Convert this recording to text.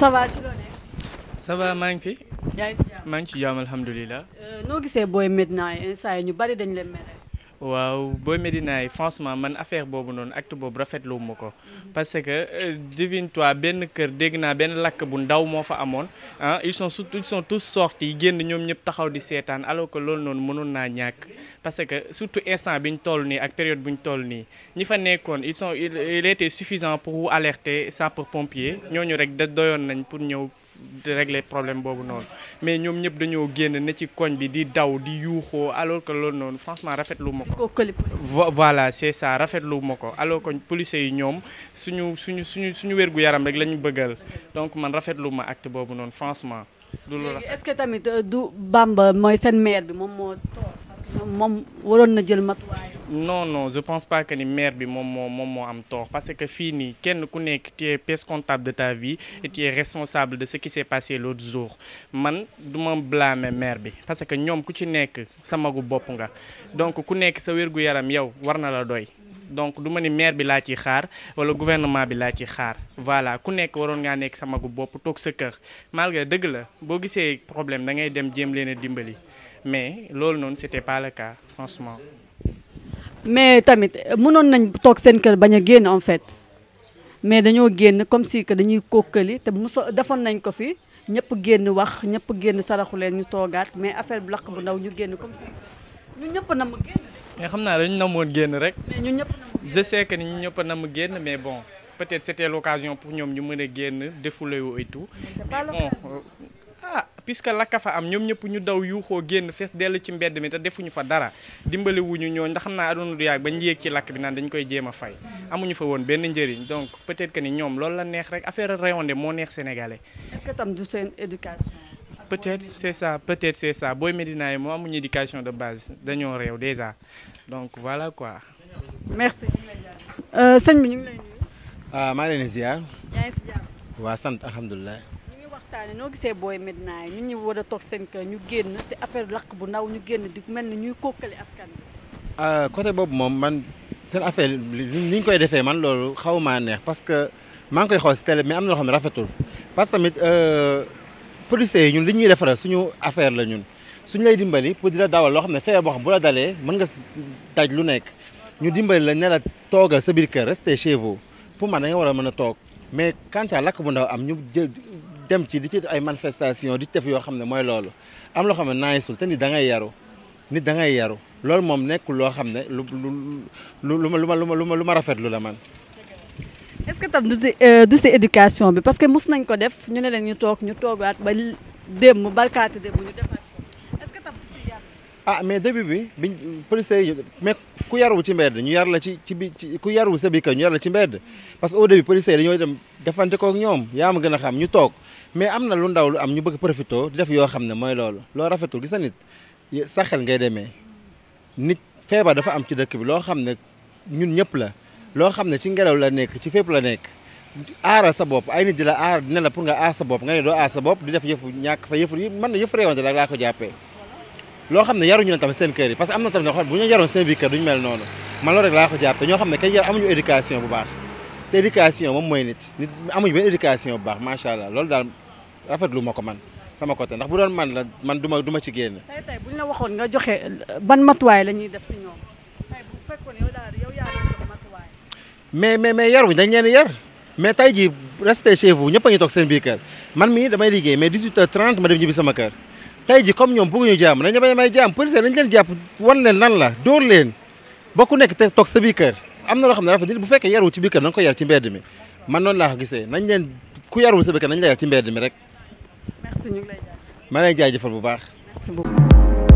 ça va nekk. ça va maa ngi fi. yaa ngi ci jàmm maa ngi ci jàmm alhamdulilah. Euh, noo gisee booy Medina instant yi ñu bari dañ leen mere. waaw booy Médina yi franchement man affaire boobu noonu acte boobu rafetlu ma ko mm-hmm. parce que euh, devine toi benn kër dégg naa benn lakk bu ndaw moo fa amoon ah ils sont surtout ils sont tous sortis ñoom ñëpp taxaw di seetaan alors que loolu noonu mënoon naa ñàkk parce que surtout instant bi ñu toll nii ak période bu ñu toll nii ñi fa nekkoon ils sont il était suffisant pour alerter sapeur pompier ñooñu rek da doyoon nañ pour ñëw di régler problème boobu noonu mais ñoom ñëpp dañoo génn ne ci koñ bi di daw di yuuxoo alors que loolu noonu franchement rafetlu ma ko voilà c'est ça rafetlu ma ko alors ko policiers yi ñoom suñu suñu suñu suñu wérgu yaram rek lañu ñu bëggal donc man rafetlu ma acte boobu noonu franchement du lu rafet est tamit euh, du Bamba mooy seen maire bi moom moo moom waroon na jël mag non non je pense pas que ni maire bi moom moom moo am tort parce que fii nii kenn ku nekk tu es comptable de ta vie et tu es responsable de ce qui s'est passé l'autre jour man du ma blâmer maire bi parce que ñoom ku ci nekk sa magu bopp nga donc ku nekk sa wérgu yaram yow war na la doy donc du ma ni maire bi laa ciy xaar wala gouvernement bi laa ciy xaar voilà ku nekk waroon ngaa nekk sa magu bopp toog sa kër malgré dëgg la boo gisee problème da ngay dem jéem leen a dimbali mais loolu noonu c'était pas le cas franchement. mais tamit mënoon nañ toog seen kër bañ a génn en fait mais dañoo génn comme si que dañuy kokkali te muso defoon nañ ko fi ñëpp génn wax ñëpp génn saraxu leen ñu toogaat mais affaire bu laq bu ndaw ñu génn comme si ñun ñëpp nam génn. xam naa dañu namoon génn rek. mais ñun ñëpp je sais ni ñun ñëpp nam génn mais bon peut-être c'était l'occasion pour ñoom ñu mën a génn défouler wu et tout. bon puisque lakka fa am ñoom ñëpp ñu daw yuuxoo génn fees dellu ci mbedd mi te defuñu fa dara dimbali wuñu ñoo ndax xam naa adoona du yàgg bañ yéeg ci lakk bi naan dañ koy jéem a fay amuñu fa woon benn njëriñ donc peut-être que ni ñoom loolu la neex rek affaire rayonde moo neex sénégalais est-ce que tam du seen éducation peut-être c'est ça peut-être c'est ça booy Médina yi moo amuñu éducation de base dañoo réew déjà donc voilà quoi merci euh, sëñ bi ñu ah, maa leen di yaa waa sant alhamdulilah waxtaane noo gisee booy Médina yi ñun ñu war a toog seen kër ñu génn si affaire lakk bu ndaw ñu génn di mel ni ñuy kokkali askan bi euh, boobu moom man seen affaire li ñu koy defee man loolu xaw ma neex parce que maa ngi koy xool si télé mais am na loo xam ne rafetul parce que tamit euh, policiers yi ñun li ñuy defaral suñu affaire la ñun suñu lay dimbali pour di la dawal loo xam ne feebar boo xam bu la dalee mën nga daj lu nekk ñu dimbali la ne la toogal sa biir kër rester chez pour man da war a mën a toog mais quand lakk bu ndaw am ñu dem ci di ci ay manifestation di def yoo xam ne mooy loolu am loo xam ne naay sul te ni da ngay yaru nit da ngay yaru loolu moom nekkul loo xam ne lu lu lu lu ma lu ma lu ma lu la man. est-ce que tam du si euh, du si éducation bi parce que mos nañ ko def ñu ne leen ñu toog ñu toogaat ba démb barkaati démb ñu ah mais début bi biñ police yi mais ku yarul ci mbedd ñu yar la ci ci bi ku yarul sa biir kër ñu yar la ci mbedd parce que au début police yi dañoo dem defante ñoom yaa ma gën a xam ñu toog. mais am na lu ndaw lu am ñu bëgg profito di def yoo xam ne mooy loolu loo rafetul gis na nit sa xel ngay demee nit feebar dafa am ci dëkk bi loo xam ne ñun ñëpp la loo xam ne ci ngelaw la nekk ci fépp la nekk aara sa bopp ay nit di la aar dina la pour nga aar di def yëfu ñàkk fa yëfu mën na yëfu réewante la laa loo xam ne yaruñu leen tamit am na tamit ñoo xam ne bu ñu yaroon seen biir ne kay yar amuñu bu baax te éducation moom mooy nit nit amuñu benn éducation bu baax macha allah loolu daal rafetlu ma ko man sama côté ndax bu doon man la man du ma du ma ci génn. tey tey bu ñu waxoon nga joxe ban matuwaay la ñuy def si ñoom tey bu fekkoon yow daal yow yaa joxe matuwaay. mais mais mais yar mais tey jii restez chez vous ñëpp a ngi toog seen biir kër man mii damay liggéey mais may may jàmm police dañu leen jàpp wan leen lan la dóor leen nekk te toog sa biir am na loo xam ne rafet nit bu fekkee yarul ci biir kër na ko yar ci mbedd mi man noonu laa ko gisee na leen ku yarul sa biir kër nañ la yar ci mbedd mi rek merci ñu ngi lay jaajëfal. ma lay jaajëfal bu baax.